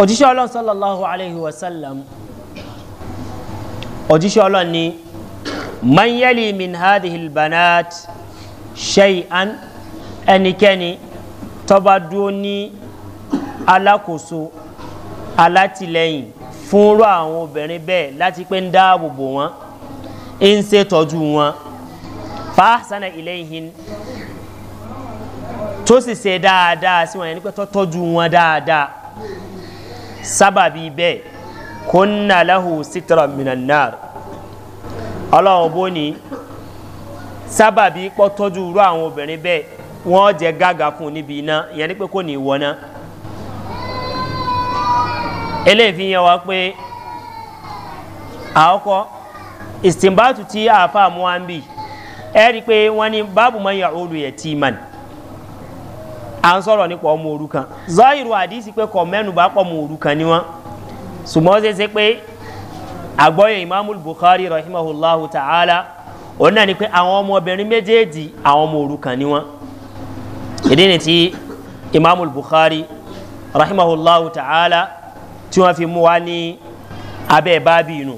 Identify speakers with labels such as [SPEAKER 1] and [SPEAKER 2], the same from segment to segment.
[SPEAKER 1] òjíṣẹ́ ọlọ́run sallallahu alayhi wa sallam òjíṣẹ́ ọlọ́run ni manyeli min hadihil banat shay'an ẹnikẹ́ni tọ́ba dúró ní alákòóso alátìlẹyìn fúnrọ àwọn obìnrin bẹ́ẹ̀ láti pé ń dáàbò bò wọ́n ń ṣètọ́jú wọn fàásánà ìlẹ́yìn tó sì ṣe dáadáa sí wọn yẹn nípa tọ́jú wọn dáadáa sábàbí bẹ́ẹ̀ kó ń nà láhù sítírà mìnànnáà ọlọ́run bó ní sábàbí pọ́tọ́jú irú àwọn obìnrin bẹ́ẹ̀ wọ́n jẹ gága fún níbi iná ìyẹn ni pé kò ní wọ́n náà eléyìí fi yẹn wá pé àkọ́kọ́ ìsìnbátu tí àáfàá muhammed ẹ rí i pé wọ́n ní báàbù mọ́ yàrá olùyẹ̀ tí ì mọ̀ ní à ń sọ̀rọ̀ nípa ọmọ òrukàn zọ́ọ̀ìrù àdìsí pé kọ̀ mẹ́nuba pọ̀ ọmọ òrukàn ni wọ́n ṣùgbọ́n ó ṣe ṣe pé àgbọ́yé imaamu bukhari rahimahullahu ta'ala òun náà ni pé àwọn ọmọbìnrin méjèèjì àwọn ọmọ òrukàn ni wọ́n ìdí ni ti imaamu bukhari rahimahullahu ta'ala tí wọ́n fi mú wa ní abẹ́ báàbí inú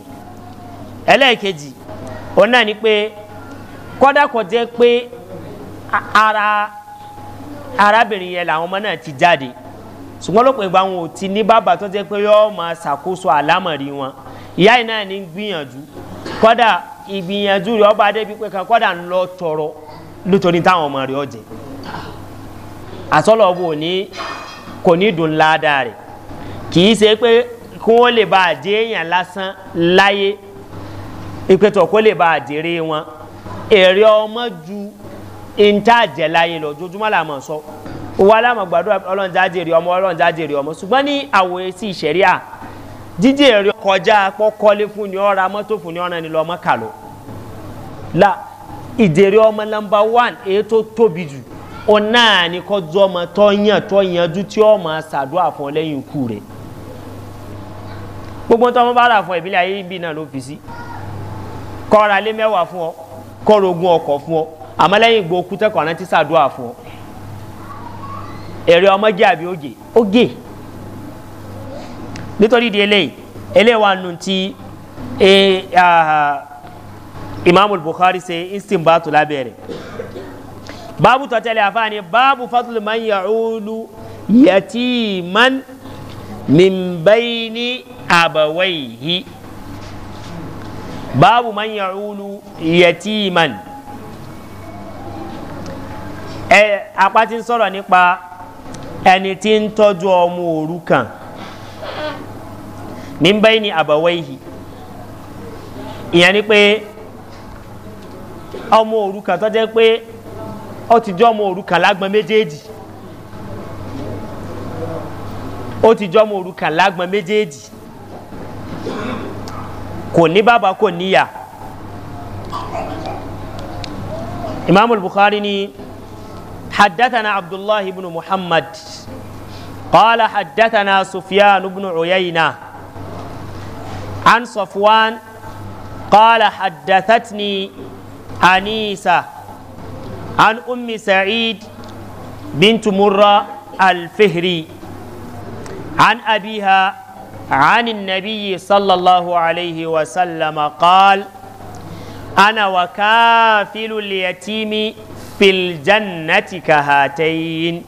[SPEAKER 1] ẹlẹ́ẹ̀kejì òun náà ni pé kọ́dà jẹ́ pé ara arábìnrin yẹn làwọn ọmọ náà ti jáde ṣùgbọ́n lópin ìgbà wọn ò ti ní bàbá tó jẹ́ pé yọ́ọ́ máa ṣàkóso àlámọ̀rí wọn ìyá yìí náà ní gbìyànjú kọ́dà ìgbìyànjú rẹ̀ ọba adébí pé kan kọ́dà ń lọ tọrọ nítorí táwọn ọmọ rẹ̀ ọ̀jẹ̀ àtọ́lọ̀ wo ni kò ní dùn ládàá rẹ̀ kì í ṣe pé kí wọ́n lè bá àdé èèyàn lásán láyé ìpẹ́tọ̀ kó lè bá àdéré wọn èrè ọmọ ju ìntà jẹ̀láyé lọ ojoojúmọ́ làmọ̀ sọ owó alámọ̀gbàdúrà ọlọ́njájèrè ọmọ ọlọ́njájèrè ọmọ ṣùgbọ́n ní àwòrán sí ìṣẹ̀ríà jíjèrè kọjá pọ́kọ́lé fún ni ọ̀ra mọ́tò fún ni ọ̀ràn ni lọ́mọ́ kà lọ. la ìjèrè ọmọ nọmba one èyí tó tóbi jù ọ̀nà ni kọjú ọmọ tọ́yàn tọ́yànjú tí ọmọ ṣàdúrà fún lẹ́yìn ikú rẹ̀ gbogbo tó ń bá rà fún ìbílẹ̀ ayé ìbí náà ló fi sí kọ́ra lé mẹ́wàá fún ọ kọ́ra àmọ́lẹ́yìn gbọ́ kútẹ́ kọ̀ọ̀nà ti sàdúrà fún ọ èrè ọmọ jẹ́ àbí oge oge nítorí di eléyìí eléyìí wà nù ti e, imaamu bukhari ṣe istinbatu lábẹ́rẹ́ báàbù tọ́tẹ́lẹ̀ àfáàní báàbù fatul man yacuulu yatiman min bayni abawaihi báàbù man yacuulu yatiman. ẹ apá tí ń sọ̀rọ̀ nípa ẹni tí ń ni àbáwẹ́ yìí ìyẹn ni pé ọmọ òru kan tó pé ó ti jọ́ ọmọ òru kan lágbọn méjèèjì ó ti jọ́ ọmọ òru kan lágbọn méjèèjì kò ni. حدثنا عبد الله بن محمد قال حدثنا سفيان بن عيينة عن صفوان قال حدثتني أنيسة عن أم سعيد بنت مرة الفهري عن أبيها عن النبي صلى الله عليه وسلم قال أنا وكافل اليتيم filjannati kahatayin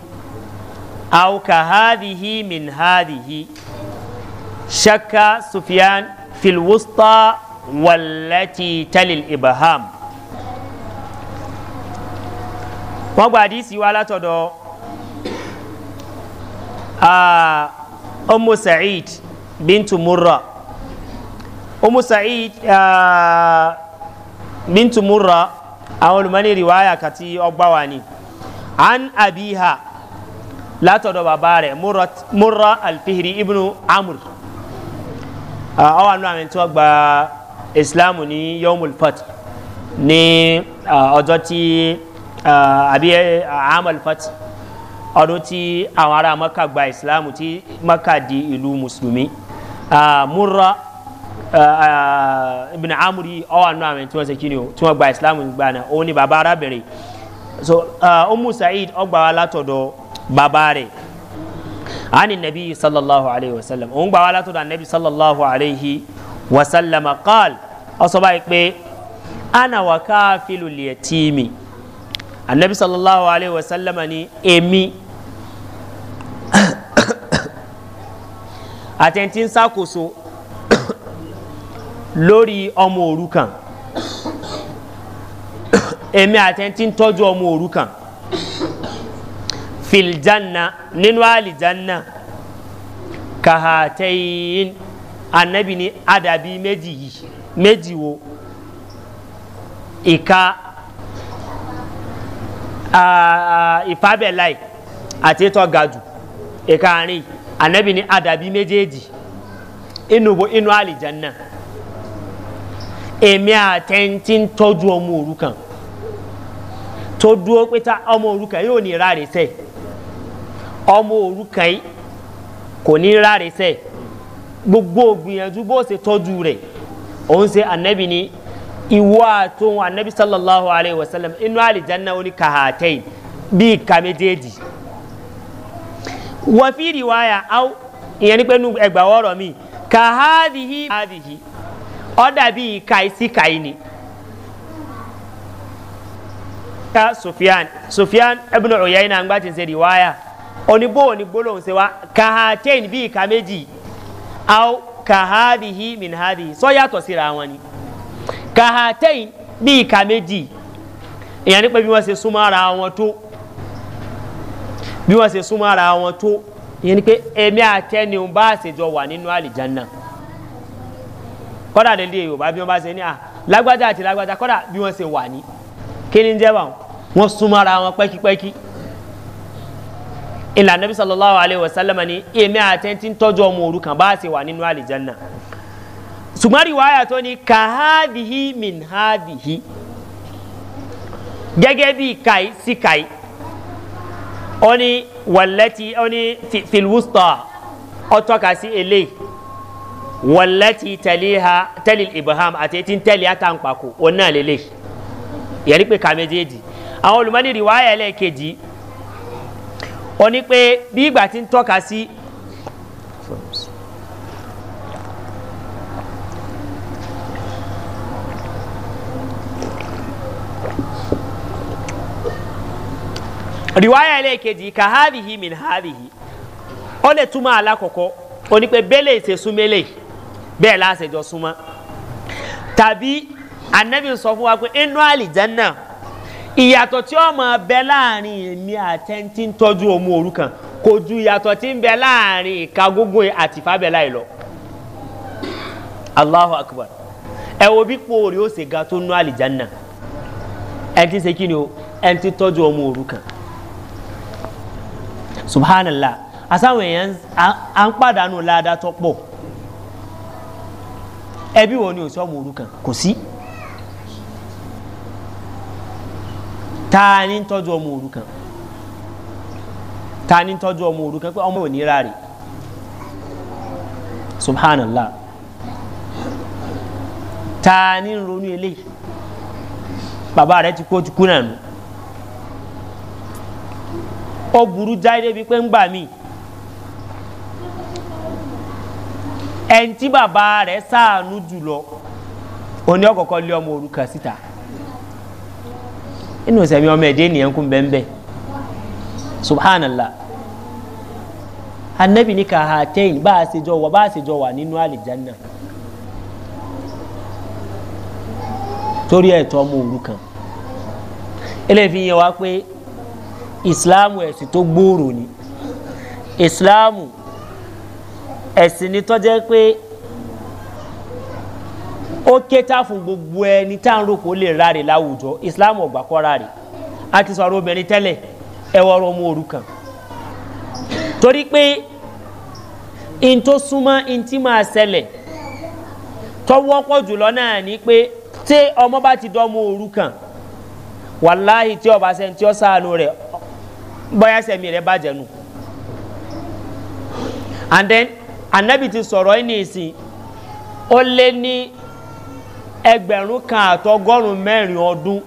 [SPEAKER 1] aw kahadihi min hadihi shakka sufyan fil wusta wallati talil ibaham wọ́n gba àdìsí wa látọ̀dọ̀ ọmọ sa'id bintu murra ọmọ sa'id bintu murra àwọn olùmọ́ni rìwáyà kan tí ọgbà wà ní. an abiha látọ̀dọ̀ bàbá rẹ̀ múra alfihiri ibnu amur ọwọ́ àánú àwọn tí wọ́n gba islam ní yomul pot ní ọjọ́ tí àbí amal pot ọdún tí àwọn ará maka gba islam tí maka di ìlú mùsùlùmí múra. Uh, Uh, ibn amuri ọwọ́ àánú àwọn tí wọ́n ṣe kí ni o tí gba islam gbà náà òun ni bàbá arábìnrin so umu uh, saheed ọgbà wa látọ̀dọ̀ bàbá rẹ̀ ani nabi sallallahu alayhi wa sallam òun gbà wa látọ̀dọ̀ anabi sallallahu alayhi wa sallam qaal ọsọ báyìí pé ana wa káfílù lè tí anabi sallallahu alayhi wa sallam ni èmi àtẹ̀ntì ń ṣàkóso lórí ọmọ òrukàn èmi àtẹ̀ntì ń tọ́jú ọmọ òrukàn filjanna nínú àlìjanna kàhàtẹ́yìn anabi ní àdàbí méjì yìí méjì wo ìka ìfábẹ́láì àti ìtọ́ gàdù ìka àárín anabi ní àdàbí méjèèjì inú bo èmi àtẹ̀ntì ń tọ́jú ọmọ òrukàn tó dúró pé ta ọmọ òrukàn yóò ní ráre sẹ́ ọmọ òrukàn yìí kò ní ráre sẹ́ gbogbo gbìyànjú bó ṣe tọ́jú rẹ̀ òun ṣe anabi ni ìwọ àtòun anabi sallallahu alayhi wa sallam inú àlìjáná oní kàhátẹ́yì bíi ìka méjèèjì wọ́n fi ìrìwáyà ìyẹn ní pẹ́ ẹgbàá wọ́rọ̀ mi kàhádìhí ọ̀dà bíi kàìsíkàì ni. ka sufiyan sufiyan ibn uyayna ngba tin se riwaya oni bo ni gbólóhùn se wa ka hatain bíi ka méjì aw ka hadhihi min hadhihi so yàtọ̀ síra wọn ni ka hatain bíi ka méjì ìyẹn nípa bí wọ́n ṣe súnmọ́ ara wọn tó bí wọ́n ṣe súnmọ́ ara wọn tó ìyẹn ni pé èmi àtẹnìún bá ṣèjọ wà nínú àlìjáná kọ́dà lẹ́lẹ́ yorùbá bí wọ́n bá ṣe ní à ah, lágbájá àti lágbájá kọ́dà bí wọ́n ṣe wà ní kí ni jẹ́ báwọn wọ́n súnmọ́ ara wọn pẹ́kípẹ́kí. ìlànà bí sallallahu alayhi wa sallam ni èmi àti ti ń tọ́jú ọmọ òru kan bá a ṣe wà nínú àlìjánná. ṣùgbọ́n rí wáyà tó ní kàhádìhí min hádìhí gẹ́gẹ́ bí kàí sí kàí ó ní wàlẹ́tì ó ní fìlwùsítọ̀ ọ tọ́ka sí eléyìí wàllẹ́tì tẹ́lí ibrahim àti etí tẹ́lí àtàǹpàkò òun náà lélẹ̀ yẹ̀rí pé ká méjèèjì àwọn olùmọ́ni rí wáyà ẹlẹ́ẹ̀kejì ó ní pé bí ìgbà tí ń tọ́ka sí riwaya ẹlẹ́ẹ̀kejì ka havihi min havihi ọ ala túmọ̀ alákọ̀ọ́kọ́ onípe bẹ́lẹ̀ ìṣesúnmẹ́lẹ̀ yìí. bẹ́ẹ̀ láṣẹjọ súnmọ́ tàbí anabi sọ fún wa pé inú àlìjánná ìyàtọ̀ tí ọmọ bẹ láàrin èmi àtẹ́ntì ń tọ́jú kò ju ìyàtọ̀ tí ń bẹ láàrin ìka gógó àti ìfábẹ́lá yìí allahu akbar ẹ wo bí pòórì ó ṣe ga tó nú àlìjánná ẹ ti ṣe kí ni o ẹ ti tọ́jú ọmọ òrukàn subhanallah asáwọn èèyàn à ń pàdánù ládàá tó pọ̀. ẹbí wo ni òsì ọmọ òrukàn kò sí ta ni ń tọ́jú ọmọ òrukàn ta ni ń tọ́jú ọmọ òrukàn pé ọmọ òní rárẹ̀ subhanallah ta ni ń ronú eléyìí bàbá rẹ ti kó ti kú náà nù ó burú jáde bíi pé ń gbà míì. ẹni tí bàbá rẹ̀ sàánú jùlọ oní ọ̀kọ̀ọ̀kọ̀ lé ọmọ òrukàn síta inú sẹ̀mi ọmọ ẹ̀dẹ́ ènìyàn kún bẹ́ẹ̀ subhanallah anabi ní ka ha tẹ́yìn bá a ṣe jọ wà bá a ṣe jọ wà nínú àlìjánná torí ẹ̀tọ́ ọmọ òrukàn eléyìí yẹn wá pé ìsìláàmù ẹ̀sìn tó gbòòrò ni ìsìláàmù ẹ̀sìn ni tọ́jẹ́ pé ó kéta fún gbogbo ẹni tá ń rògbò lè ráre láwùjọ islam ọ̀gbà kọ́ ráre a ti sọ̀rọ̀ obìnrin tẹ́lẹ̀ ẹwọ́ ọ̀rọ̀ ọmọ òrukàn torí pé in tó súnmọ́ in tí máa ṣẹlẹ̀ tọ́wọ́pọ̀ jùlọ náà ni pé tí ti dọ́mọ wàláhì tí ọba tí sáànù bọ́yá sẹ́mi bàjẹ́ and then anabi ti sọ̀rọ̀ ẹni ìsìn ó lé ní ẹgbẹ̀rún kan àtọgọ́rùn mẹ́rin ọdún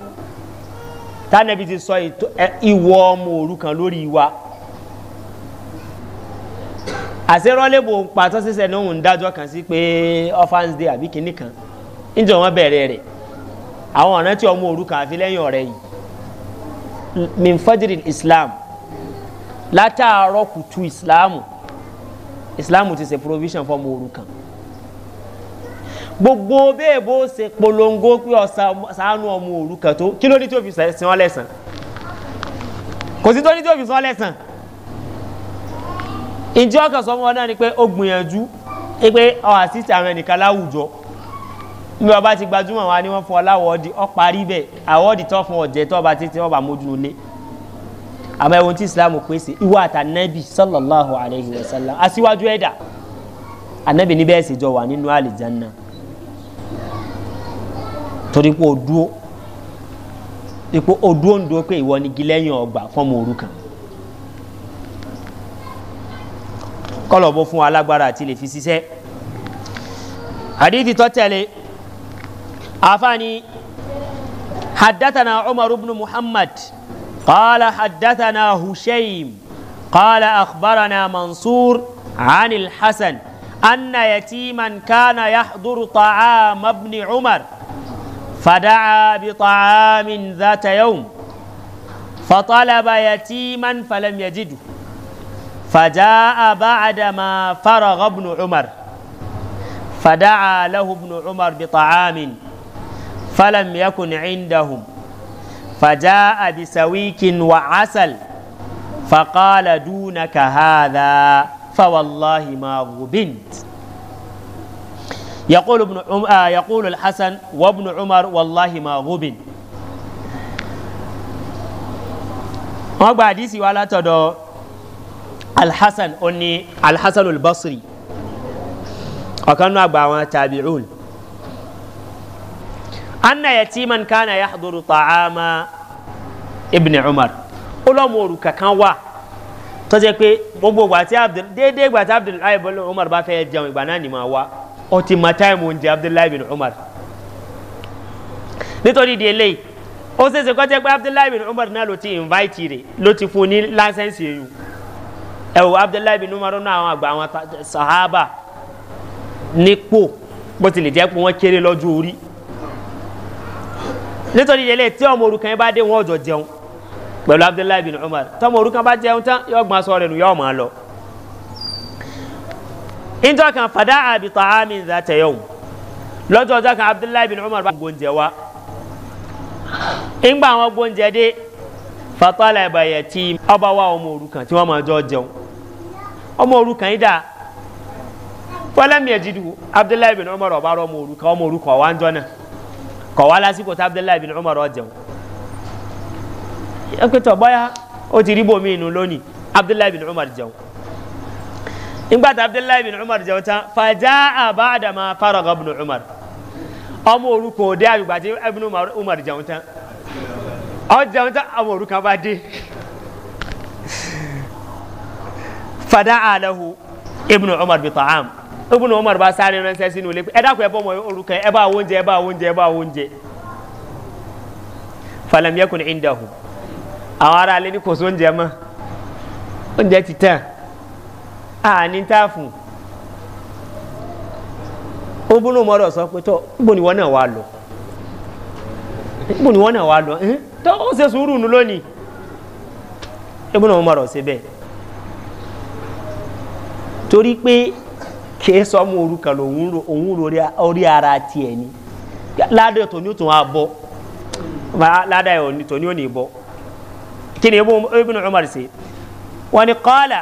[SPEAKER 1] tánàbí ti sọ ìwọ ọmọ òru kan lórí wa àṣerọ́lébò pàtó ṣẹṣẹ ní òun dájọ́ kan sí pé orphans day àbí kinní kan níjọ wọn bẹ̀rẹ̀ rẹ̀ àwọn ọ̀rẹ́ tí ọmọ òru kan àfi lẹ́yìn ọ̀rẹ́ yìí min fajiri islam látàárọ̀ kùtù islam Islamu ti ṣe provision fọmọ òrukàn gbogbo bẹ́ẹ̀ bó ṣe polongo pé ọ̀sánú ọmọ òrukàn tó kí ló ní tí ó fi sin ọ́ lẹ́sàn kò sí tó ní tí ó fi sin ọ́ lẹ́sàn ǹjẹ́ ọkàn sọ náà ni pé ó gbìyànjú pé ọ àṣìṣe àwọn ẹnìkan láwùjọ bí ọba ti gbajúmọ̀ wa ni wọ́n fún ọ láwọ̀ ọ́ di ọ parí bẹ́ẹ̀ àwọ̀ ọ́ di tọ́ fún ọ̀jẹ̀ tó ọba títí ọba mójú lé àmọ́ ẹ̀wọ̀n tí islam pèsè ìwà àtànẹ́bì sallallahu alayhi wa sallam aṣíwájú ẹ̀dá ànẹ́bì níbẹ̀ ẹ̀sìn jọ wà nínú àlìjánná torí pé o dúó ipò o dúó ń dúó pé ìwọ ni gilẹ́yìn ọgbà fọ́ọ̀mù òru kọ́lọ̀ bó fún wa lágbára àti lè fi ṣiṣẹ́ hadithi tó tẹ̀lé àfáàní hadathana umar ibn muhammad. قال حدثنا هشيم قال أخبرنا منصور عن الحسن أن يتيما كان يحضر طعام ابن عمر فدعا بطعام ذات يوم فطلب يتيما فلم يجده فجاء بعدما فرغ ابن عمر فدعا له ابن عمر بطعام فلم يكن عندهم فجاء بسويك وعسل فقال دونك هذا فوالله ما غبنت يقول ابن عم... آه يقول الحسن وابن عمر والله ما غبن wọ́n gba àdísì الحسن أني الحسن البصري، وكانوا olùbọ́sìrì تابعون anna yatiman kana yahduru ta'ama ibn umar ó lọ́mọ òrùka kan wà tó jẹ́ pé gbogbo ìgbà tí abdul déédéé ìgbà tí abdullahi bin umar bá fẹ́ jẹun ìgbà náà ni màá wá ó ti ma táìmù oúnjẹ abdullahi bin umar nítorí di eléyìí ó ṣeéṣe kọ́ jẹ́ pé abdullahi bin umar náà ló ti invite rẹ̀ ló ti fún ní láńsẹ̀nsì èyí ẹ wò abdullahi bin umar náà àwọn àgbà àwọn sahaba nípò bó tilẹ̀ jẹ́ pé wọ́n kéré lọ́jọ́ orí nítorí ìdílé tí ọmọ orúkọ yẹn bá dé wọn ọjọ jẹun pẹ̀lú abdullahi bin umar tọmọ orúkọ bá jẹun tán yọ gbọ́n sọ rẹ̀ nù yọ ọmọ lọ. ìjọ kan fàdá àbí tààmì ìdátẹ̀yọ̀hún lọ́jọ́ ọjọ́ kan abdullahi bin umar bá gbóúnjẹ wa. ìgbà àwọn gbóúnjẹ dé fatala ìbàyẹ̀ tí ọba wa ọmọ orúkọ tí wọ́n máa jọ jẹun ọmọ orúkọ yìí dà fọlẹ́mìẹ̀jì dù abdullahi bin umar ọba rọ ọmọ orúkọ ọmọ orúkọ wa ń jọ náà kọ̀ wá lásìkò tá abdullahi bin umar ọjọ́ ẹ pé tọ̀ bọ́yá ó ti rí bòmí inú lónìí abdullahi bin umar jẹun nígbà tí abdullahi bin umar jẹun tán fàjà àbáàdàmà faraga bin umar ọmọ orúkọ òde àgbègbè àti ibn umar jẹun tán ọ jẹun tán ọmọ orúkọ bá dé fàdà àlẹhu ibn umar bi ta'am ibùnú ọmọ àdùbá sáré ránṣẹ́ sínú ilé pé ẹ dákun ẹ bọ́ ọmọ orúkọ ẹ bá oúnjẹ ẹ bá oúnjẹ ẹ bá oúnjẹ falamiyakun indahu àwọn ará alẹ́ ní kò sí oúnjẹ mọ́ oúnjẹ ti tàn àní táàfù ibùnú ọmọ rẹ̀ sọ pé tọ́ ibùnú ìwọ náà wà lọ ibùnú ìwọ náà wà lọ tọ́ ó ṣe sùúrù nù lónìí ibùnú ọmọ rẹ̀ ṣe bẹ́ẹ̀ torí pé kìí sọmọ orúkọ lòun òun orí ara tiẹ̀ ni ládàá tòun yóò tún wá bọ́ ládàá yóò tòun yóò ní bọ́ kí ni ibùn umar ṣe wọn ni kọ́lá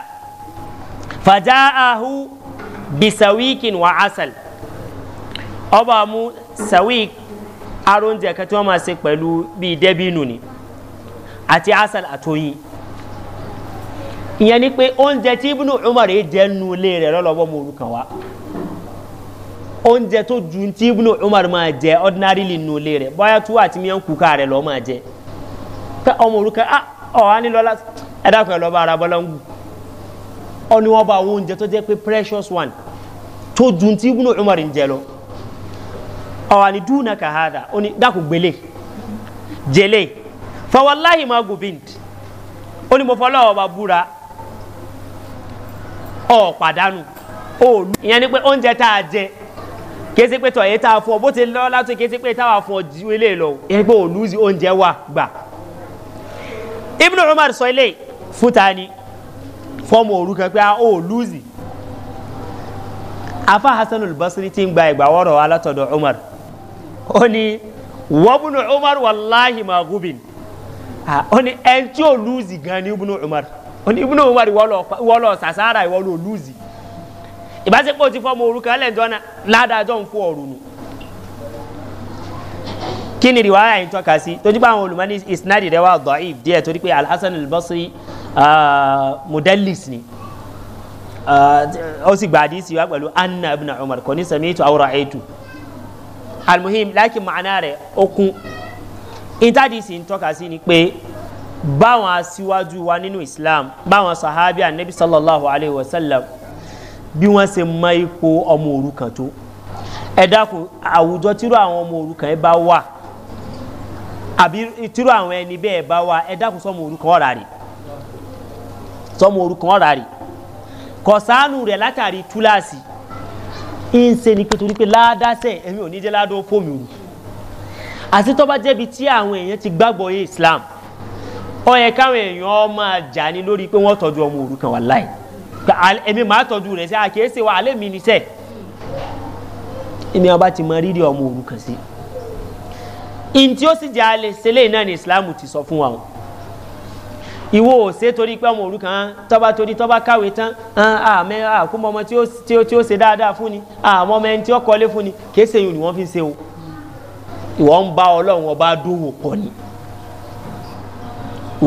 [SPEAKER 1] fàjáàhù bisawikin wa asal ọba mu sawik aróúnjẹ kan tí máa ṣe pẹ̀lú bíi dẹ́bínú ni àti asal àtọyìn ìyẹn ni pé oúnjẹ tí ibùnú umar jẹ nu ilé rẹ lọlọwọ mọ orúkọ wa oúnjẹ tó ju tí ibùnú umar máa jẹ ordinarily nu ilé rẹ bóyá tó wà tí miyan kúkà rẹ lọ máa jẹ ká ọmọ orúkọ ah ọ wà ní lọlá ẹ dákun ẹ lọ bá ara bọlá ọ ni wọn bá àwọn oúnjẹ tó jẹ pé precious one tó ju tí ibùnú umar jẹ lọ ọ wà ní dúnà kàhádà ó ní dákun gbélé jẹlé fọwọ́láhìí má gòbínd ó ní mo fọlọ́ ọba búra. Ọ pàdánù òòlù ìyẹn ni pé oúnjẹ tá a jẹ kìí pé tọ̀yẹ́ tá a fún bó ti lọ́ látọ̀ kìí pé táwa fún ju ilé lọ ìyẹn pé òòlù oúnjẹ gbà. ibùdó sọ ilé fúta ni fọ́ọ̀mù kan pé òòlù afa hasan olùbọ́sírí ti ń gba ìgbà wọ́rọ̀ alátọ̀dọ̀ umar ó ní wọ́bùnú umar ó ní ẹn tí umar. oní ibùdó wọn wàrí wọlọ sàsára ìwọlọ lùzì ìbáṣepọ̀ ti fọmọ orúkọ ẹlẹ́jọ́ náà ládàjọ́ ń kó ọ̀rùn nù kí ni riwaya yìí tọ́ka sí tójú bá àwọn olùmọ́ni isnadi rẹ wà dọ̀if díẹ̀ torí pé alhassan albasri modelis ni ó sì gba àdísì wa pẹ̀lú anna ibn umar kò ní tu awura etu almuhim lakin ma'ana rẹ okun intadisi ń tọ́ka sí ni pé báwọn aṣíwájú wa nínú islam báwọn sahabi anabi sallallahu alayhi wa sallam bí wọ́n ṣe mọ ipò ọmọ òrukàn tó ẹ dákun àwùjọ tírú àwọn ọmọ òrukàn ẹ bá wà àbí tírú àwọn ẹni bẹ́ẹ̀ bá wà ẹ dákun sọmọ òrukàn ọ̀rà rè sọmọ òrukàn ọ̀rà rè kọ̀sánù rẹ̀ látàrí túláàsì ń ṣe ni pé torí pé ẹ̀mí ò ní jẹ́ ládọ́ fóònù àti tọ́ba jẹ́bi tí àwọn èèyàn ti gbàgbọ́ yé islam ọyẹ káwọn èèyàn ọmọ àjà ni lórí pé wọn tọjú ọmọ òrukàn wà láì èmi máa tọjú rẹ sí àkíyèsí wa alẹ́ mi níṣẹ́ èmi ọba ti mọ rírì ọmọ òrukàn sí ntí ó sì jẹ́ alẹ́ sẹ́lẹ̀ náà ni islam ti sọ fún wa o ìwọ ò ṣe torí pé ọmọ òrukàn tọ́ba torí tọ́ba káwé tán àmẹ́ àkúmọ̀ ọmọ tí ó ṣe dáadáa fún ni àmọ́ ọmọ ẹni tí ó kọ́lé fún ni kèé ṣe yìí ni wọ́n fi ṣe o ìwọ ń bá ọlọ́run ọba dúró pọ̀ ni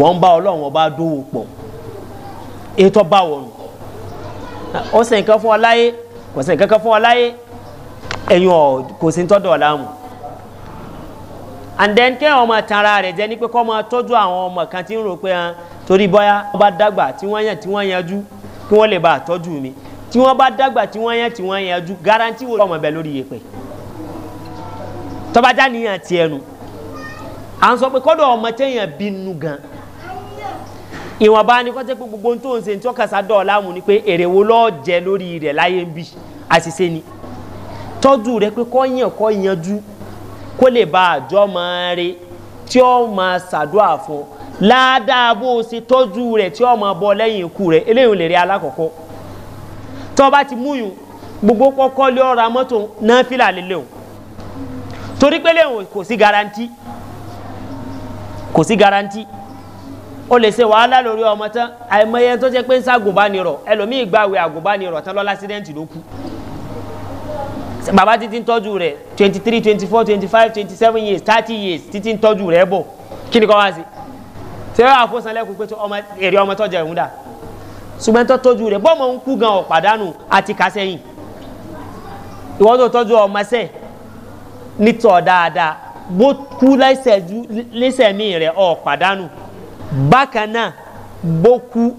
[SPEAKER 1] wọ́n bá ọlọ́run ọba dówó pọ̀ ètò bá wọ̀nù ó sì nǹkan fún ọ láyé kò sí nǹkan kan fún ọ láyé ẹ̀yìn ọ̀ kò sí tọ́dọ̀ ọ̀làmù and then kéèyàn ọmọ tanra rẹ̀ jẹ́ ní pé kọ́ máa tọ́jú àwọn ọmọ kan tí ń rò pé hàn torí bọ́yá wọ́n bá dàgbà tí wọ́n yàn tí wọ́n yanjú kí wọ́n lè bá àtọ́jú mi tí wọ́n bá dàgbà tí wọ́n yàn tí wọ́n yanjú garanti wo ọmọ bẹ̀ lórí yẹpẹ̀ tọ́bajá nìyàn tiẹ̀ nu à ń sọ pé kọ́dọ̀ ọmọ téèyàn bínú gan-an ìwọ̀nba ni kọ́tẹ́ pé gbogbo tó ń se tí ọkà sádọ̀ ọ̀làmù ni pé èrè wo lọ́ọ́ jẹ lórí rẹ̀ láyé ń bì àṣìṣe ni tọ́jú rẹ pé kọ́ yàn kọ́ yanjú kó lè ba àjọ máa re tí ó máa sàdúà fún ládàá bó o ṣe tọ́jú rẹ̀ tí ó máa bọ lẹ́yìn ikú rẹ̀ eléyìí lè rí alákọ̀ọ́kọ́ tọ́ bá ti múyùn gbogbo kọ́kọ́ lé ọ̀rọ̀ mọ́tò náà fìlà lélẹ̀ o torí pé léwu kò sí garanti kò sí garanti o lè ṣe wàhálà lórí ọmọ tán àìmọye tó jẹ pé ń ságùnbánirọ ẹlòmíì gbàwé àgùnbánirọ tán lọ lásìdẹ́ǹtì ló kú bàbá títí ń tọ́jú rẹ̀ twenty three twenty four twenty five twenty seven years thirty years títí ń tọ́jú rẹ̀ bọ̀ kí ni kọ́ wá sí ṣé wàá fọ́sán lẹ́kùn pé èrè ọmọ tọ́jà ẹ̀hún dà ṣùgbọ́n tó tọ́jú rẹ̀ bọ́ọ̀mọ̀ ń kú gan ọ̀pàdánù àti kásẹ̀yìn ìwọ́n tó tọ́jú ọmọ sẹ́ nítọ̀ dáadáa bó kú lẹ́sẹ̀ mí rẹ̀ ọ̀pàdánù bákan náà bó kú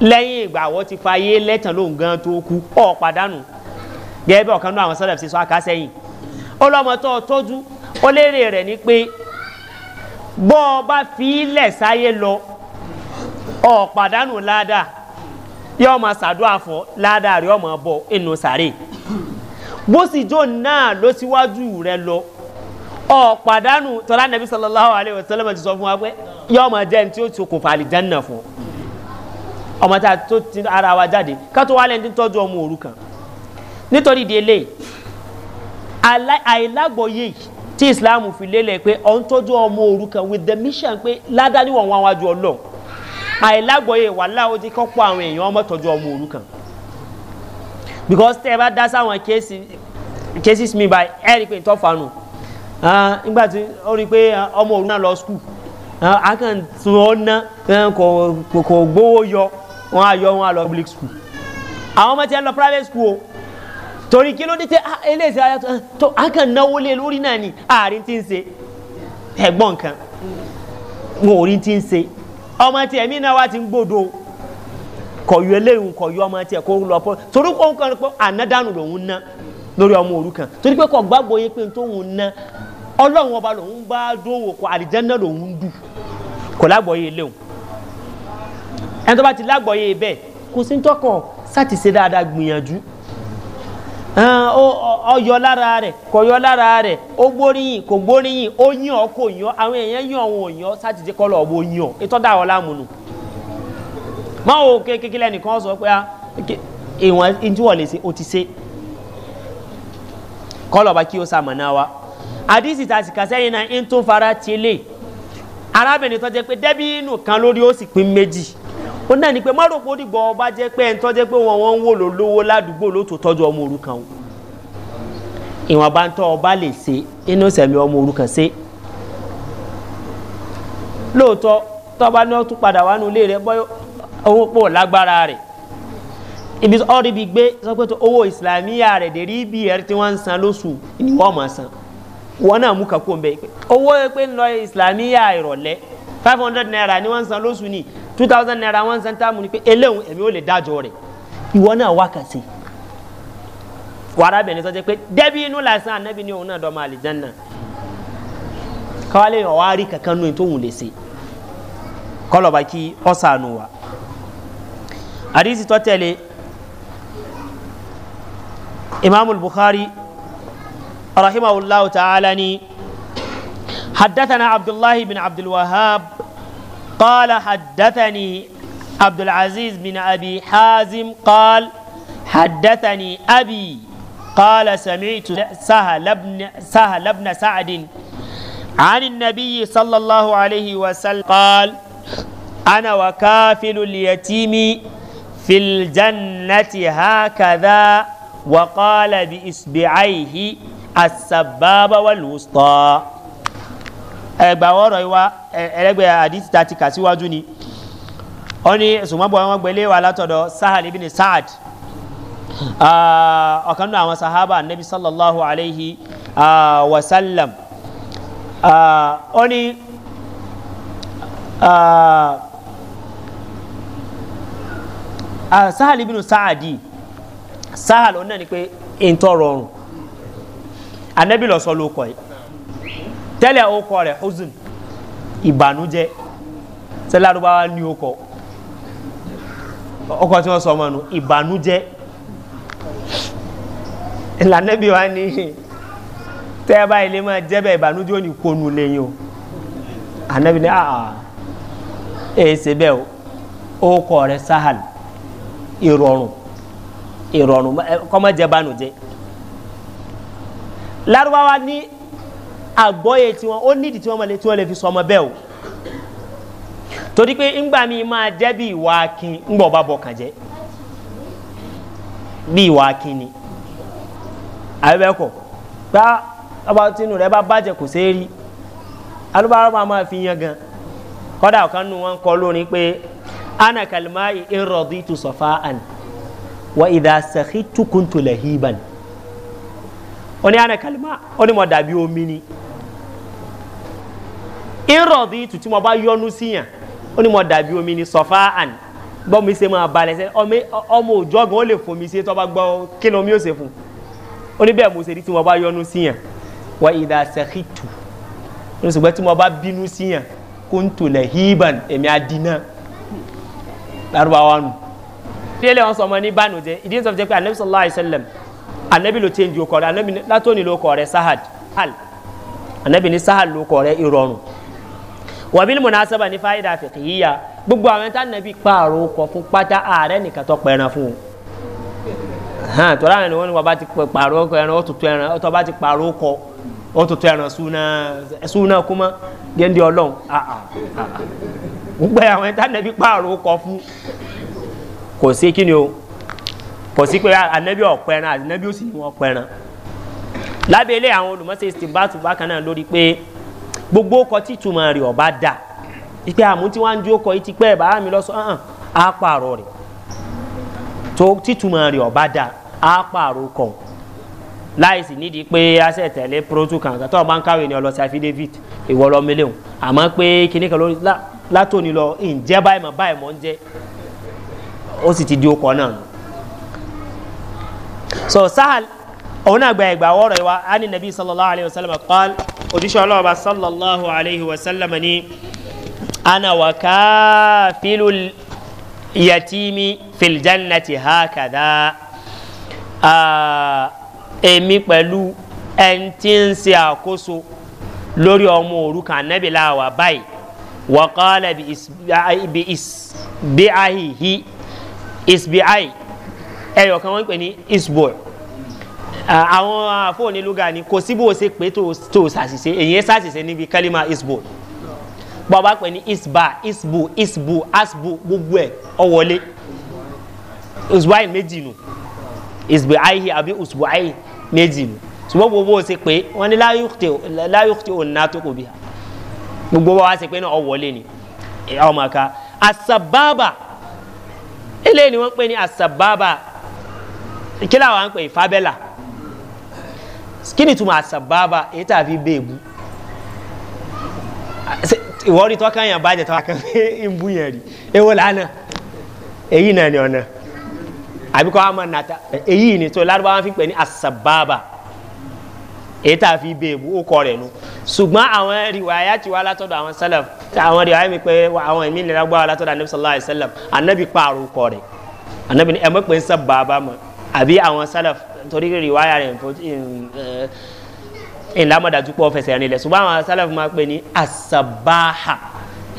[SPEAKER 1] lẹ́yìn ìgbà wọ́n ti fa ayé lẹ́tàn lóun gan tó kú ọ̀ pàdánù gẹ́gẹ́ bí ọ̀kan náà àwọn sọ́dọ̀ fi sọ àká sẹ́yìn tọ́jú ó léèrè rẹ̀ ni pé bọ́ ọ bá fi ilẹ̀ sáyé lọ ọ̀ pàdánù ládàá yóò máa ṣàdúrà fún ládàá rẹ̀ ọ̀ máa bọ̀ inú sàré bó sì jó náà ló síwájú rẹ̀ lọ ọ pàdánù tọ́lá nàbí sallallahu alayhi wa sallam ti sọ fún wa pé yọ ọmọ jẹ́ ní tí ó ti okùnfà àlìjánná fún ọmọ tá a tó ti ara wa jáde kátó wálé ní tọ́jú ọmọ òru kan nítorí délé àìlágbọ̀yé tí islam fi lélẹ̀ pé ọ̀ ń tọ́jú ọmọ òru kan with the mission pé ládàá níwọ̀n wọn wájú ọlọ́run àìlágbọ̀yé wàhálà ó ti kọ́pọ̀ àwọn èèyàn ọmọ tọ́jú ọmọ òru kan because tẹ́ ẹ bá dá sáwọn cases mi báyìí ẹ rí i pé ìtọ́fà nù. nígbà tí ó rí i pé ọmọ òun náà lọ skul akẹ́ntún ọ̀nà kò gbowó yọ wọn á wọn á lọ public school àwọn ọmọ tí wọn lọ private o torí kí ló dé tẹ eléyìí ṣe tó lórí náà ni àárín tí ń ṣe ẹ̀gbọ́n nǹkan wọn ò rí tí ń ṣe ọmọ tí ẹ̀mí náà wá ti ń gbòdo eléyìí ọmọ tí kó lọ torí ọlọ́run ọba lòun bá dówó kọ àlìjẹ́nà lòun ń dù kò lágbọ̀ọ́yé léwu ẹni tó bá ti lágbọ̀ọ́yé bẹ́ẹ̀ kò sí ń tọkàn sáti ṣe dáadáa gbìyànjú ọyọ lára rẹ kọyọ lára rẹ ó gbóríyìn kò gbóríyìn ó yàn ọ kò yàn àwọn èèyàn yàn òun ò yàn sátidé kọlọ ọbọ yàn ètò dà ọ lámùnù má wo kékeré lẹnìkan sọ pé ah, ìwọ̀n ìdíwọ̀n lè ṣe ó ti ṣe kọlọ ọba kí ó sàmọ̀nà wa. àdìsí ta sì kà sẹ́yìn náà ń tún fara ti arábìnrin tó kan lórí ó sì pin méjì ó náà ní pé má ọba jẹ pé pé ń wò ló lówó ládùúgbò ọmọ o ìwọ̀n ọba lè ṣe inú sẹ̀mí ọmọ òrukàn ṣe lóòótọ́ tọ́ba náà tún padà wá rẹ bọ́ owó pò lágbára ibi gbé sọ pé owó ìsìlámíyà rẹ̀ dèrí tí wọ́n wọn náà mú kakú ọ̀nbẹ owó pé ń islamiyà ìrọ̀lẹ́ five hundred naira ni wọ́n san lóṣù ni two thousand naira wọ́n san táàmù ni pé eléhùn ẹ̀mí ò lè dájọ́ rẹ̀ ìwọ náà wá kà sí i wàrà bẹ̀rẹ̀ sọ́jọ́ pé dẹ́bí inú làásán anábì ní òun náà dọ́mọ àlìjánná káwálé yàn wá rí kankan nù tó wù lè ṣe kọlọ̀bà kí ọ̀sánù wa àdìsí tọ́tẹ̀lé imaamu bukhari. رحمه الله تعالى حدثنا عبد الله بن عبد الوهاب قال حدثني عبد العزيز بن أبي حازم قال حدثني أبي قال سمعت سهل بن سهل بن سعد عن النبي صلى الله عليه وسلم قال أنا وكافل اليتيم في الجنة هكذا وقال بإصبعيه asababa wa lùsọ ẹgbà ọrọ yìí wa ẹlẹgbẹ àdìsí ta ti kà síwájú ni wọn ní sùmọ́bù wọn gbélé wa látọ̀dọ̀ sahal ibi ni saad ọ̀kan nínú àwọn sahaba anabi sallallahu alayhi wa sallam wọn ní sahal ibi saadi sahal ọ̀nà ni pé ntọ́ anabi sọ ló kọ yìí tẹ́lẹ̀ ó kọ rẹ̀ huzun ní ó ọkọ tí sọ ọmọ nù ìbànújẹ́ ìlànàbí wa ní tẹ́ ẹ báyìí lè máa jẹ́bẹ̀ ìbànújẹ́ òní kónú o anabi aa ṣe o sahal ìrọ̀rùn ìrọ̀rùn kọ́mọ́jẹ́ bánújẹ́. larubawa ní àgbọ́yé tiwọn ó nídìí tí wọ́n mọ̀ lé tí wọ́n lè fi sọ ọmọ bẹ́ẹ̀ o torí pé ńgbà mi máa jẹ́ bí ìwà akin ńgbọ̀ bá bọ̀ kàn jẹ́ bí ìwà akin ni àbẹ̀bẹ̀kọ̀ gbá ọba tinú rẹ bá bàjẹ́ kò séé rí alubara máa fi yan gan kọ́dà kan nu wọn kọ́ lónìí pé ana kalima irọ̀dí tu sọ̀fà àn wa ìdá sàkí tukuntu lẹ́hìbàn ó ní àná kalima ó ní mo dàbí omi ni ìrọ̀dí tuntun mo bá yọnu sí yàn ó ní mo dàbí omi ni sọfá àní gbọ́ mi ṣe máa balẹ̀ sẹ́ ọmọ òjọ́ gan ó lè fún mi ṣe tó bá gbọ́ kí ni omi ó ṣe fún ó ní bẹ́ẹ̀ mo ṣe rí tí mo bá yọnu sí yàn wà ìdá sẹ́kìtù ó ní ṣùgbọ́n tí mo bá bínú sí yàn kó ń tò lẹ̀ híban èmi àdínà lárúbáwá nù. fílẹ̀ wọn sọ ọmọ ní bánú jẹ ìdí ní sọ fún jẹ pé anabi sallallahu alayhi wa anabi ló change okọ rẹ anabi látọ́ni ló kọ rẹ sahad hal anabi ni sahad ló kọ rẹ ìrọ̀rùn wàbí munasaba ní fáyidà fìkìyíya gbogbo àwọn tá anabi pààrọ̀ kọ fún pátá ààrẹ nìkan tó pẹran fún un hàn tọ́lá ẹni wọn ni wọn bá ti pààrọ̀ ẹran ó tutù ẹran ó tọ́ bá ti pààrọ̀ kọ ó ẹran súná kúmọ́ géńdé ọlọ́run gbogbo àwọn tá anabi pààrọ̀ kọ fún kò sí kí ni o kò sí pé anabi ọ̀pẹ̀ran anabi ó sì ní wọn pẹ̀ran lábẹ́ ilé àwọn olùmọ̀ọ́sẹ̀ ìsìnbátu bákan náà lórí pé gbogbo ọkọ̀ tí ìtumọ̀ rẹ̀ ọba dà ìpè àmú tí wọ́n á ń jó ọkọ̀ yìí ti pẹ́ bàá mi lọ sọ hàn á pààrọ̀ rẹ̀ tó títúmọ̀ rẹ̀ ọba dà á pààrọ̀ kọ̀ láìsí nídìí pé àṣẹ tẹ̀lé protu kankan tó o ń káwé ní ọlọ́sẹ̀ affidavit ìwọ lọ mílíọ̀n àmọ́ pé kinní kan látòní lọ ǹjẹ́ báyìí mọ̀ báyìí mọ̀ ń jẹ́ ó sì ti di ọkọ̀ náà so sahal òun náà gba ẹgbàá wọ́ọ̀rọ̀ yìí wá ani nabi sallallahu alayhi wa sallam kọ́l ojúṣe ọlọ́ọ̀bá sallallahu alayhi wa sallam ni ana wa káfílù yatimi filjannati hakada èmi pẹ̀lú ẹni tí ń ṣe àkóso lórí ọmọ òrukàn anábìláwa báyìí wàkọ́lẹ̀ bí isbiahi isbiahi ẹyọ kan wọ́n ń pè ní isbol uh, àwọn uh, àfọwọ́ni lóga ni kò síbò ṣe pé tó ṣàṣìṣe èyí ṣàṣìṣe níbi kálímà isbol bàbá pè ní isba isbu isbu asbu gbogbo ẹ̀ ọ̀wọ́lé usbuayi méjì nù isbu ayi àbí usbu ayi méjì nù ṣùgbọ́n gbogbo ṣe pé wọ́n ní láyọ̀kùtì òǹnà tó kò bí ha gbogbo wa ṣe pé náà ọ̀wọ́lé ni ọmọ ká asababa eléyìí ni wọ́n pè ní asababa kí làwọn à ń pè fábẹ́là kí ni ìtumọ̀ àsàbàbà èyí tà fi bẹ́ẹ̀bù ìwọ rí tọ́ka yẹn bàjẹ́ tọ́ka kan pé ń bú yẹn rí ewo lánàá èyí náà ni ọ̀nà àbíkọ́ àmọ́ nàta èyí ni tó lárúbáwá fi pè ní àsàbàbà èyí tá a fi bẹ́ẹ̀ bu ó kọ rẹ̀ nu ṣùgbọ́n àwọn riwaya ti wá látọ̀dọ̀ àwọn sẹlẹm àwọn riwaya mi pé àwọn èmi nira gbọ́ látọ̀dọ̀ anabi sallallahu alayhi wa sallam pààrọ̀ kọ rẹ̀ anabi ni ẹ mọ̀ pé àbí àwọn sálàf torí rìwáyà rẹ̀ ìlàmọ̀dájú eh, pọ̀ fẹsẹ̀ rìn lẹ̀ ṣùgbọ́n àwọn sálàf máa pè ní asabaha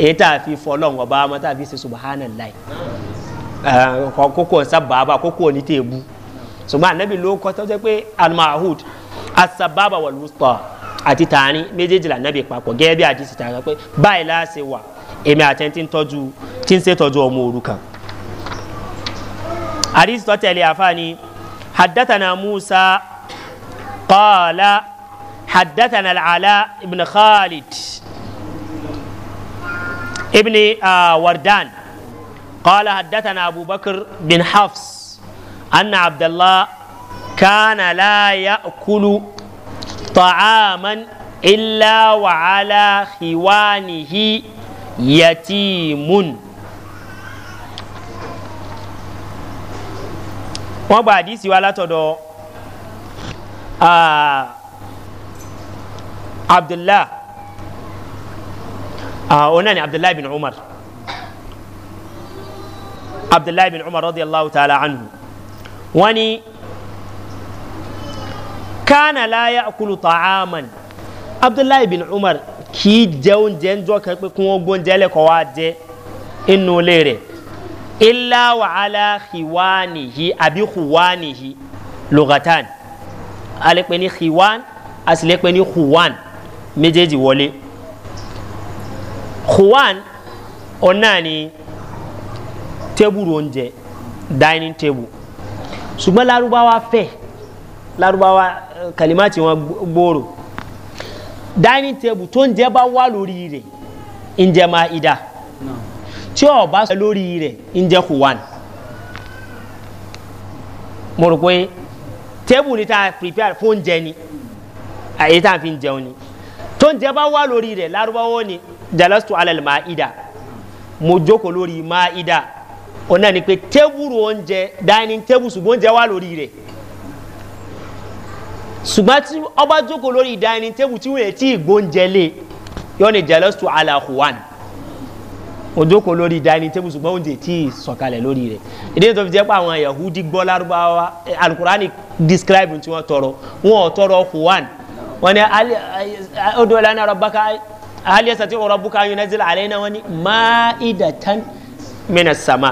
[SPEAKER 1] èyí tá a fi fọlọ́ ọba ọmọ tá a fi ṣe subahana láì eh, kókó sábàbà kókó ní tèébù ṣùgbọ́n ànábì ló kọ́ tó ṣe pé almahud asababa wà lùtọ̀ àti tààrí méjèèjì lànàbì papọ̀ gẹ́gẹ́ bí àdìsí tààrí pé báyìí láṣẹ wà èmi àtẹ́ntì ń tọ́jú tí ń ṣètọ́jú ọmọ òrukàn. حديث تتلي عفاني حدثنا موسى قال حدثنا العلاء بن خالد ابن آه، وردان قال حدثنا أبو بكر بن حفص أن عبد الله كان لا يأكل طعاما إلا وعلى خوانه يتيم wọ́n gba àdísì wa látọ̀dọ̀ abdullah ọ̀nà ni abdullah bin umar abdullah bin umar radiyallahu ta'ala anhu wọ́n ni kánà láyé akulu ta'aman abdullah bin umar kì í jẹ oúnjẹ ń jọ kan pé kí wọ́n gbóúnjẹ lẹ́kọ̀ọ́ wá jẹ inú ilé illa wa ala khiwanihi abi khuwanihi lugatan ale pe ni khiwan asi le pe ni khuwan méjèèjì wọlé khuwan òun náà ni tébùrù oúnjẹ dining table ṣùgbọ́n larubawa fẹ́ larubawa kalimati wọn gbòòrò dining table tó ń jẹ́ bá wà lórí rẹ̀ ń jẹ́ máa ida. No tí ọ̀ bá sọ lórí rẹ̀ ń jẹ́ kó wà ní. mo rò pé tẹ́bùlì tá a prepare fún oúnjẹ ni àyè tá a fi ń jẹun ni tó ń jẹ bá wà lórí rẹ̀ lárúbáwọ́ ni jalastu alal ma ida mo jókòó lórí ma ida ọ̀nà ni pé tẹ́bùrù oúnjẹ dining table ṣùgbọ́n oúnjẹ wà lórí rẹ̀ ṣùgbọ́n tí ọba jókòó lórí dining table tí wọ́n yẹ tí ì gbóúnjẹ lé yọ ni jalastu ala huwan kò jókòó dining table ṣùgbọ́n oúnjẹ tí ì sọ̀kalẹ̀ lórí rẹ̀ ìdí tó fi jẹ́ pé àwọn yahudi gbọ́ larubawa eh, alukurani describe tí wọ́n tọrọ wọn ò tọrọ huwan wọn ni ọdún ọ̀la náà rọ̀bá ká alẹ́ sàtí ọ̀rọ̀ bùkà yín náà zílẹ̀ àlẹ́ náà wọn ni máa ìdà tán mìíràn sàmà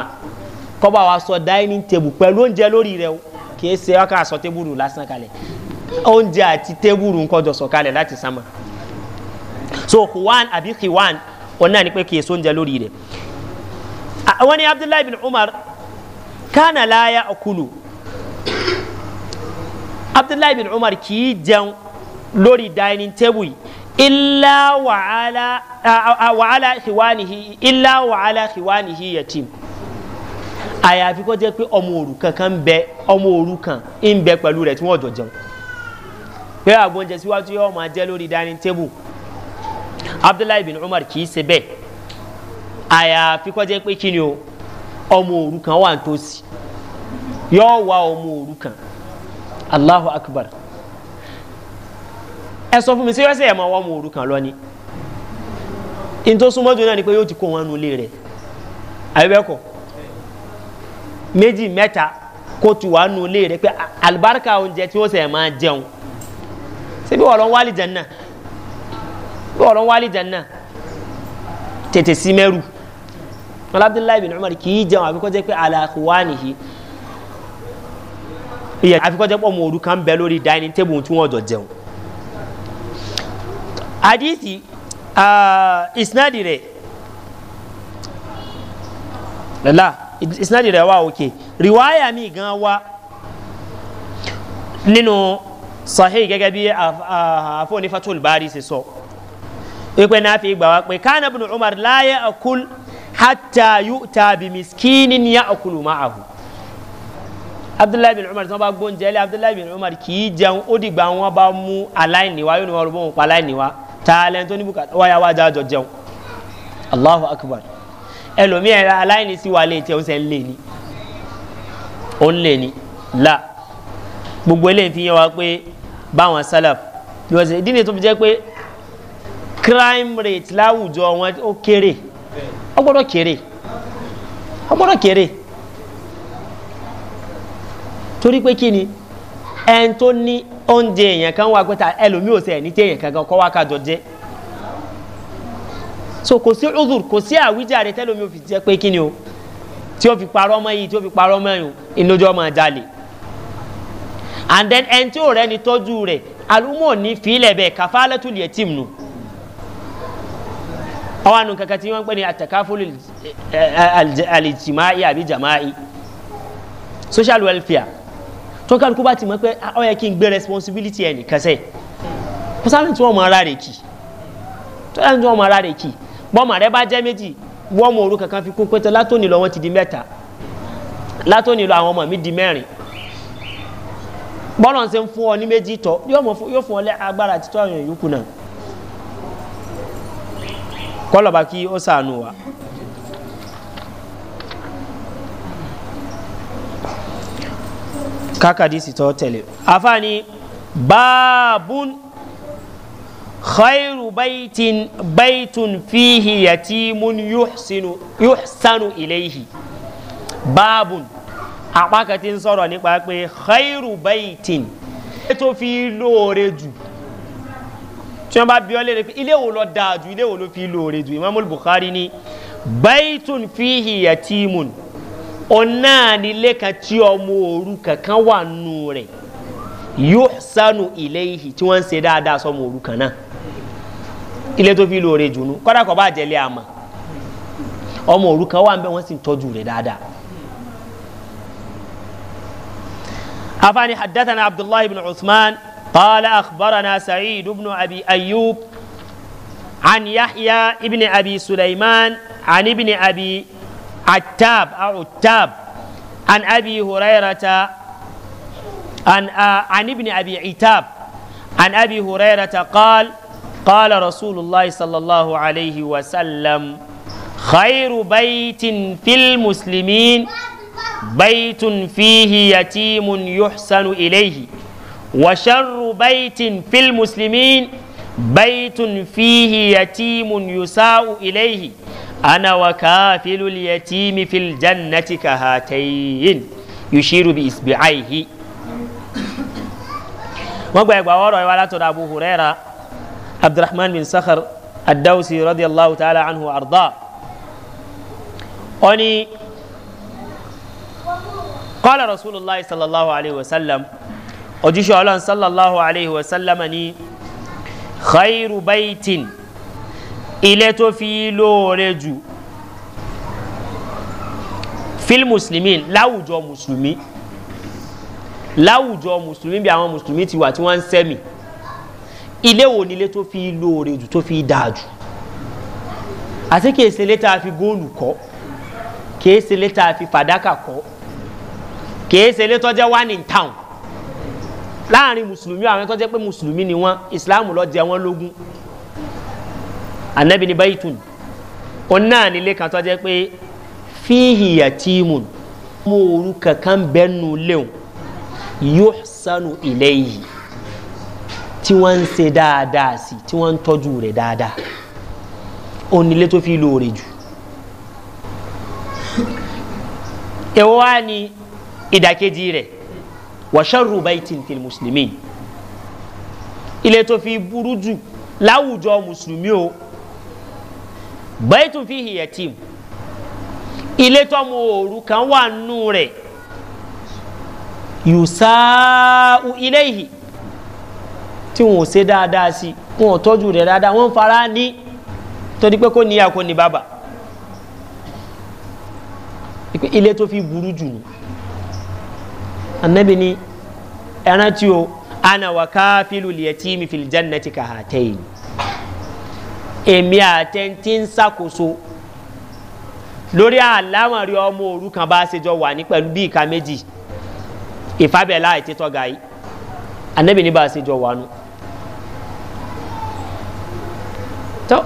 [SPEAKER 1] kọ́ba wa sọ dining table pẹ̀lú oúnjẹ lórí rẹ̀ kìí ṣe ọkà sọ tébùrù lásán kalẹ̀ oúnjẹ àti tébùrù ńkọjọ sọ̀kalẹ̀ láti sàmà so huwan àbí hiwan òun náà ni pé kì í sóúnjẹ lórí rẹ̀ wọ́n ní abdullahi bin umar kánà láyà ọkùlù abdullahi bin umar kì í jẹun lórí dining table yìí illa wàhálà wàhálà hiwanihi illa wàhálà hiwanihi yatim àyàfi kó jẹ́ pé ọmọ òru kankan ń bẹ ọmọ òru kan ń bẹ pẹ̀lú rẹ̀ tí wọ́n jọ jẹun pé àgbọ̀njẹ síwájú yóò máa jẹ́ lórí dining table abdullahi bin umar kì í ṣe bẹ́ẹ̀ àyàfi kọjá pé kí ni o ọmọ òru kan wà nítòsí yóò wá ọmọ òru kan allahu akbar ẹ sọ fún mi sí ẹsẹ̀ ẹ̀ máa wá ọmọ òru kan lọ́ni ntòsúnmọ́jú náà ni pé yóò ti kó wọn nulẹ̀ rẹ̀ àyẹ̀bẹ̀kọ̀ méjì mẹ́ta kó tu wà nulẹ̀ rẹ̀ pé alibarika oúnjẹ tí ó sẹ̀ máa jẹun síbi wọ́n lọ wálìjẹ náà pé ọ̀rọ̀ ń wálé jẹ̀nà tètè sí mẹ́rù alábdúláì bin umar kì í jẹun àfikọ́jẹ́ pé aláàkúwá nìyí ìyẹn àfikọ́jẹ́ pé ọmọ òrukàn bẹ lórí dining table tí wọ́n jọ jẹun àdìsí ìsinádì rẹ̀ lọ́la ìsinádì rẹ̀ wà òkè rìwáyà mi gan wa nínú sahih gẹ́gẹ́ bí àfọ̀nífàtúlbárì ṣe sọ. So wípé náà fi gbà wá pé kánà bin umar láyé akul hata yu tàbí miskini ni ya akulu ma'ahu abdullahi bin umar tí wọn bá gbóúnjẹ lé abdullahi bin umar kì í jẹun ó dìgbà wọn bá mú aláìníwá yóò ní wọn rọ bóun pa aláìníwá tààlẹ́ tó ní bùkátà wáyà wájà jọ jẹun allahu akbar ẹlòmíì ẹ̀rọ aláìní sí wa lè tiẹ̀ ó sẹ́ ń lè la gbogbo eléyìí fi yẹ wa pé báwọn sálàf bí wọ́n ṣe ìdí ni tó fi crime rate láwùjọ wọn ó kéré ó gbọ́dọ̀ kéré ó kéré torí pé kí ni ẹn tó ní oúnjẹ èèyàn kan wá pẹ́ta ẹlòmíì ò èèyàn kankan wá kájọ so kò sí ọdún kò sí àwíjàre fi pé kí ni o tí o fi parọ́ ọmọ yìí tí o fi parọ́ mọ́ yìí jalè and then ẹn tí ò tọ́jú rẹ̀ alúmọ̀ ní fílẹ̀ àwọn àna kankan tí wọ́n ń pè ní eh, àtàkáfólì social welfare tó kálukú bá ti mọ̀ pé ọ ah, yẹ kí n gbé responsibility ẹ̀ nìkan sẹ́ẹ̀ kó sáré tí wọ́n mọ ara rẹ̀ kì tó sáré tí wọ́n mọ ara rẹ̀ kì bọ́ọ̀mà rẹ bá jẹ́ méjì wọ́n mọ òru kankan fi kún pété látòní lọ wọ́n ti di mẹ́ta látòní lọ àwọn ọmọ mi di mẹ́rin bọ́ọ̀lù ṣe ń fún ọ ní méjì tọ́ yóò fún ọ lẹ́ agbára títọ́ àwọn yòókù náà kọlọba kí ó sànù wa. kakadisi tó tẹ̀lé afaani baabun khayru baitin baitun fihi yatimun yuhsinu yuhsanu ilayhi baabun apákatí ń sọ̀rọ̀ nípa pé khayru baitin ètò fi lóore jù tí wọ́n bá bí ọ léèrè pé ilé wo lọ dáa ju ilé wo ló fi lóore ju imaamu buhari ni baitun fihi yatimun ọ̀nà nílé kan tí ọmọ òru kankan wà nù rẹ̀ yóò sanu ilé yìí tí wọ́n ń ṣe dáadáa sọmọ òru kan náà ilé tó fi lóore jù nù kọ́dà kọ́ bá jẹ́lé àmọ́ ọmọ òru kan wà ń bẹ́ wọ́n sì ń tọ́jú rẹ̀ dáadáa. afaani hadathana abdullahi ibn uthman. قال أخبرنا سعيد بن أبي أيوب عن يحيى ابن أبي سليمان عن ابن أبي عتاب أو عتاب عن أبي هريرة عن, آه، عن ابن أبي عتاب عن أبي هريرة قال قال رسول الله صلى الله عليه وسلم خير بيت في المسلمين بيت فيه يتيم يحسن إليه وشر بيت في المسلمين بيت فيه يتيم يساء إليه أنا وكافل اليتيم في الجنة كهاتين يشير بإصبعيه وقع يقوارو يوالاتنا أبو هريرة عبد الرحمن بن سخر الدوسي رضي الله تعالى عنه وأرضاه أني قال رسول الله صلى الله عليه وسلم ojúṣe ọlọ́run sallallahu alayhi wa sallam ni khairu baitin ilé tó fi lóore jù fil muslimin láwùjọ mùsùlùmí láwùjọ mùsùlùmí bí àwọn mùsùlùmí ti wà tí wọ́n ń sẹ́mi ilé wo ni ilé tó fi lóore jù tó fi dáa jù àti kìí ṣe ilé tá a fi góòlù kọ́ kìí ṣe ilé tá a fi fàdákà kọ́ kìí ṣe ilé tó jẹ́ one in town láàrin mùsùlùmí àwọn tó jẹ́ pé mùsùlùmí ni wọ́n ìsìláàmù lọ jẹ wọ́n lógún anabi ni tun òun náà nílé kan tó jẹ́ pé fíhìyà tíìmùn mú òru kankan bẹ́nu léwu yóò sanu ilé yìí tí wọ́n ń se dáadáa sí tí wọ́n ń tọ́jú rẹ̀ dáadáa òun nílé tó fi lóore jù èwo wá ní ìdàkejì rẹ̀ wàṣẹ́rù baitin fil muslimin ilé tó fi burú jù láwùjọ mùsùlùmí o baitun fi hìyẹ tìmù ilé tọmọ òru kan wà nù rẹ̀ yusaa'u ilayhi tí wọn ò ṣe dáadáa sí wọn ò tọ́jú rẹ̀ dáadáa wọn fara ní torí pé kò níyà kò bàbá ilé tó fi burú jù nù anabi ni ẹran tí ana wa káfílù lìyẹtìmí fìlìjánná ti kà á tẹ́yìn èmi àtẹ̀ntì ń ṣàkóso lórí àlámọ̀rí ọmọ òrukàn bá ṣèjọ wà ní pẹ̀lú bí ìka méjì ìfábẹ́lá àti tọ́ga yìí anabi ni bá ṣèjọ wà nù. tọ́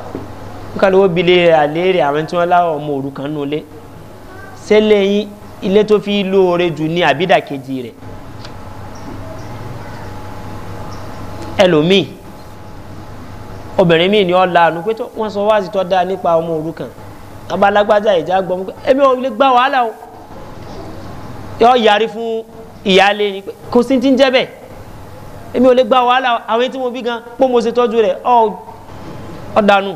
[SPEAKER 1] kálíwó bilé àlérè àwọn tí wọ́n láwọn ọmọ òrukàn nulẹ̀ sẹ́lẹ̀ yín ilé tó fi lóore jù ní àbídàkejì rẹ̀ ẹlòmíì obìnrin míì ni ọ laanu pé wọ́n sọ wáàsí tó dáa nípa ọmọ òrukàn abalagbájá ìjà gbọmú pé èmi ò lè gbá wàhálà o yọ yarí fún ìyáálé ni pé kò sí ti ń jẹ́ bẹ́ẹ̀ èmi ò lè gbá wàhálà àwọn tí mo bí gan pé mo ṣe tọ́jú rẹ̀ ọ dànù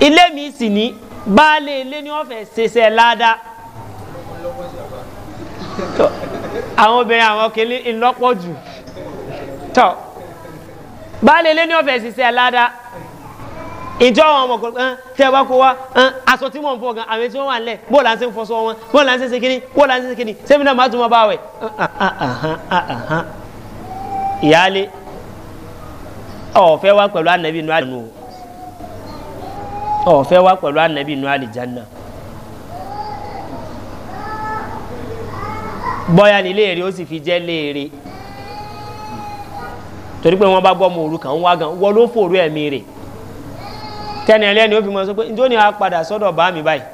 [SPEAKER 1] ilé mi sì ní baálé ilé ni wọ́n fẹ́ ṣiṣẹ́ ládàá tọ àwọn obìnrin àwọn kele ńlọ́pọ̀ jù tọ baálé ilé ni wọ́n fẹ́ ṣiṣẹ́ ládàá ìjọ àwọn ọmọ kan tẹ ẹ bá kó wa aṣọ tí mò ń fọ gan àwọn tí wọ́n wà nílẹ̀ bó la ń ṣe ń fọṣọ wọn bó la ń ṣe Se kínní bó la ń ṣe ṣe kínní sẹ́mi náà má tún wọn bá wẹ̀ ìyáálé ọ̀fẹ́ wa pẹ̀lú ànábì nù àdùnnú o ọ̀fẹ́ wá pẹ̀lú anabi inú àlìjánná bọ́yá ni léèrè ó sì fi jẹ́ léèrè torí pé wọ́n bá gbọ́ ọmọ òrukàn wá gan wọ́n ló fòrú ẹ̀mí rẹ̀ tẹ́ni ẹlẹ́ni ó fi mọ sọ pé njó ni a padà sọ́dọ̀ bá mi báyìí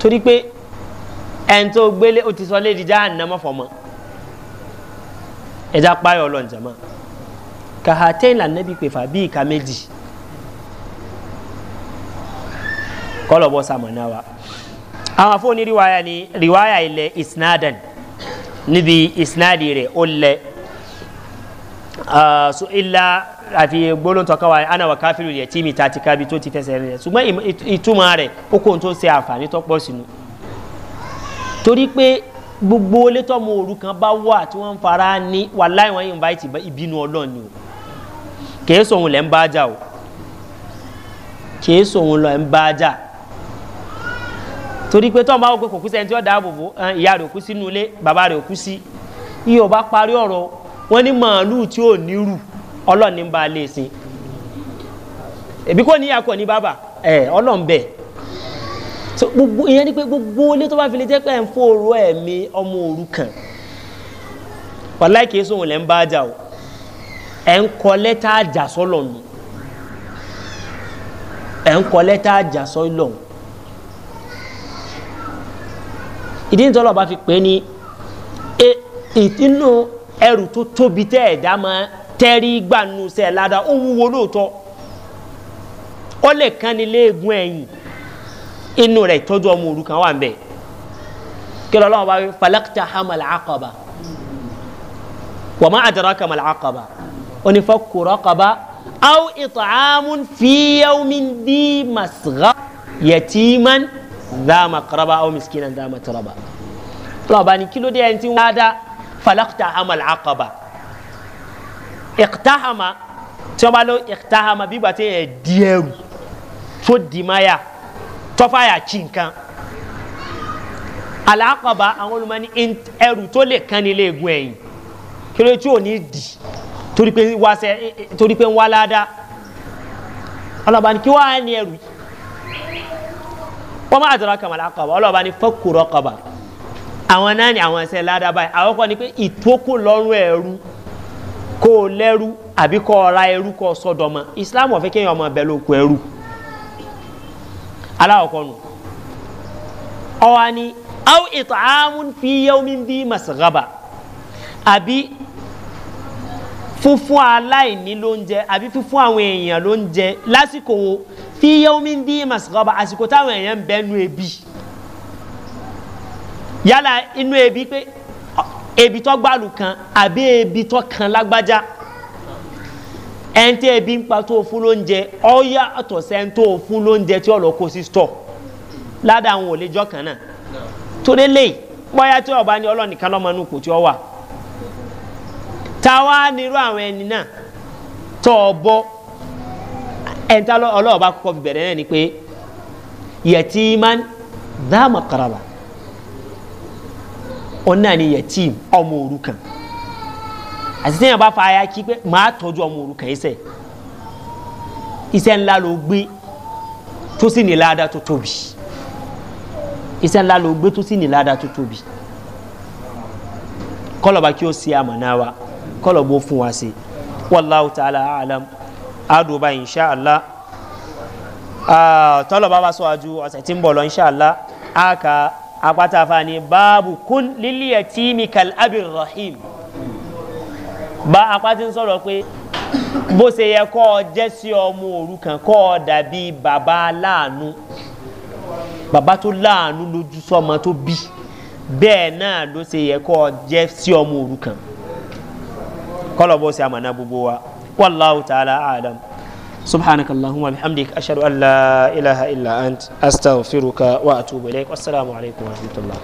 [SPEAKER 1] torí pé ẹn tó gbélé ó ti sọ lé di jáàánú náà mọ́fọ́mọ́ ẹ̀dá páyọ̀ ọlọ́njẹ́ kahatain la nabi pè fà bíi ka méjì kọlọbọ sàmọnà wa àwọn afọwọ́ni riwaya ni riwaya ilẹ̀ isnadan níbi isnadi rẹ̀ ó lẹ̀ so ilà àfi gbólóńtọ́ka wa ana wa káfíìrì rẹ̀ tí mi ta ti kábi tó ti fẹsẹ̀ rẹ̀ ṣùgbọ́n ìtumọ̀ rẹ̀ ó kò tó ṣe àǹfààní tó pọ̀ sínú torí pé gbogbo létọ́ mọ òru kan bá wà tí wọ́n ń fara ní wàláì wọ́n yìnbá ìbínú ọlọ́ọ̀ni o. kìí sòun lẹ́ ń bá jà o kìí sòun ń bá torí pé tọ́nba òkú kòkú tí ìyá rẹ̀ kú sínú bàbá rẹ̀ sí iye parí ọ̀rọ̀ wọn ní màálùú tí ò ní rù ọlọ́ọ̀ni ń lè e èbí kò ní akọ ní gbogbo ìyẹn ni pé gbogbo ilé tó bá fi lè jẹ́ pé ẹ̀ ń fòrò ẹ̀mí ẹ̀ ń kọ lẹ́tà àjà sọ́lọ̀ nù ẹ̀ ìdí nítorí ọba fi pè é ní inú e, ẹrù tó tóbi tẹ́ ẹ̀dá máa tẹ́rí gbanú sẹ́ ládà ó wúwo lóòótọ́ ó lè kán léegun ẹ̀yìn inú rẹ ìtọ́jú ọmọ òrukàn wà ń akaba. onífọ̀kù rọ́kọ̀bá aw ìtààmùn fìyàwmin dí màsíkà yẹtìmán dàmà kọ́rọ́bà aw mìsíkìnà dàmà tọ́rọ́bà. lọ́ba ni kílódé ẹni tí wọ́n á dá falakta amal akọba ìktáhàmà tí wọ́n bá lọ ìktáhàmà bí gbàtẹ́ yẹn diẹ́rù tó dìmáyà tọ́fàyà kí nǹkan alaakọba àwọn olùmọ̀ ní ẹrù tó lè kán nílé egun ẹ̀yìn kí ló tí ò ní dì torí pé wáṣẹ torí pé ń wá ládàá ọlọ́ba ni kí wàá ní ẹrù yìí wọ́n máa dọ̀rọ̀ kàmàlà kọ̀ọ̀bà ọlọ́ba ni fọ́kùrọ̀ kọ̀ọ̀bà àwọn náà ni àwọn ẹsẹ̀ ládàá báyìí àwọn kọ́ ni pé ìtókù lọ́rùn ẹ̀rú kó lẹ́rú àbí kọ́ ra ẹrú kọ́ ọ islam ọ̀fẹ́ kéèyàn ọmọ bẹ̀ lóko ẹrú aláwọ̀kọ́ nù ọ̀wá ni aw ìtààmú fi yẹ́wọ́mí bí màsàgàbà àbí fúnfún aláìní ló ń jẹ àbí fúnfún àwọn èèyàn ló ń jẹ lásìkò wo fi yẹ́wọ́mí ń dín màsàkọ́ba àsìkò táwọn èèyàn ń bẹ́nu ebi yálà inú ebi pé ebi tó gbàlù kan àbí ebi tó kan lágbájá ẹ̀ńtẹ́ ebi ń pa tó fún lóúnjẹ ọ̀yà àtọ̀sẹ̀ tó fún lóúnjẹ tí ọ̀lọ́ kó sí stọ̀ ládàá àwọn òlejò kan náà torí lè pọ́yà tí ọba ní ọlọ́nìkan lọ́mọ inú kò tí ọ wà táwa nírú àwọn ẹni náà tọ́ ọ bọ́ ẹ̀ńtà ọlọ́ọ̀bá kọ́kọ́ bẹ̀rẹ̀ náà ni pé yẹtìmán dáàmà karaba ọ̀nà ni yẹtìm ọmọ òrukàn àti tí yẹn bá fa aya kí pé màá tọ́jú ọmọ òrukàn ẹsẹ̀ iṣẹ́ ńlá ló gbé tó sì ní ládàá tó tóbi iṣẹ́ ńlá ló gbé tó sì ní ládàá tó tóbi kọlọ̀ba kí ó ṣe àmọ̀ náà wa kọ́lọ̀ bó fún wa sí wàláwù tààlà àlám àdùbà inṣàlá tọ́lọ̀ bá bá sọ àjù ọ̀sẹ̀ tí ń bọ̀ lọ inṣàlá àkà apáta fani báàbù kún lílí ẹtí mikal abir rahim bá apáti ń sọ̀rọ̀ pé bó ṣe yẹ kọ́ ọ jẹ́ sí ọmọ òrukàn kọ́ ọ dàbí bàbá láàánú bàbá tó láàánú lójú sọmọ tó bí bẹ́ẹ̀ náà ló ṣe yẹ kọ́ ọ jẹ́ sí ọmọ òrukàn. kọ́lọ̀ bó ṣe àmàna gbogbo wa wàláhu ta'ala alam subhanaka allahumma bihamdik ashadu an la ilaha illa ant astaghfiruka wa atubu ilayk wassalamu alaikum wa rahmatullah.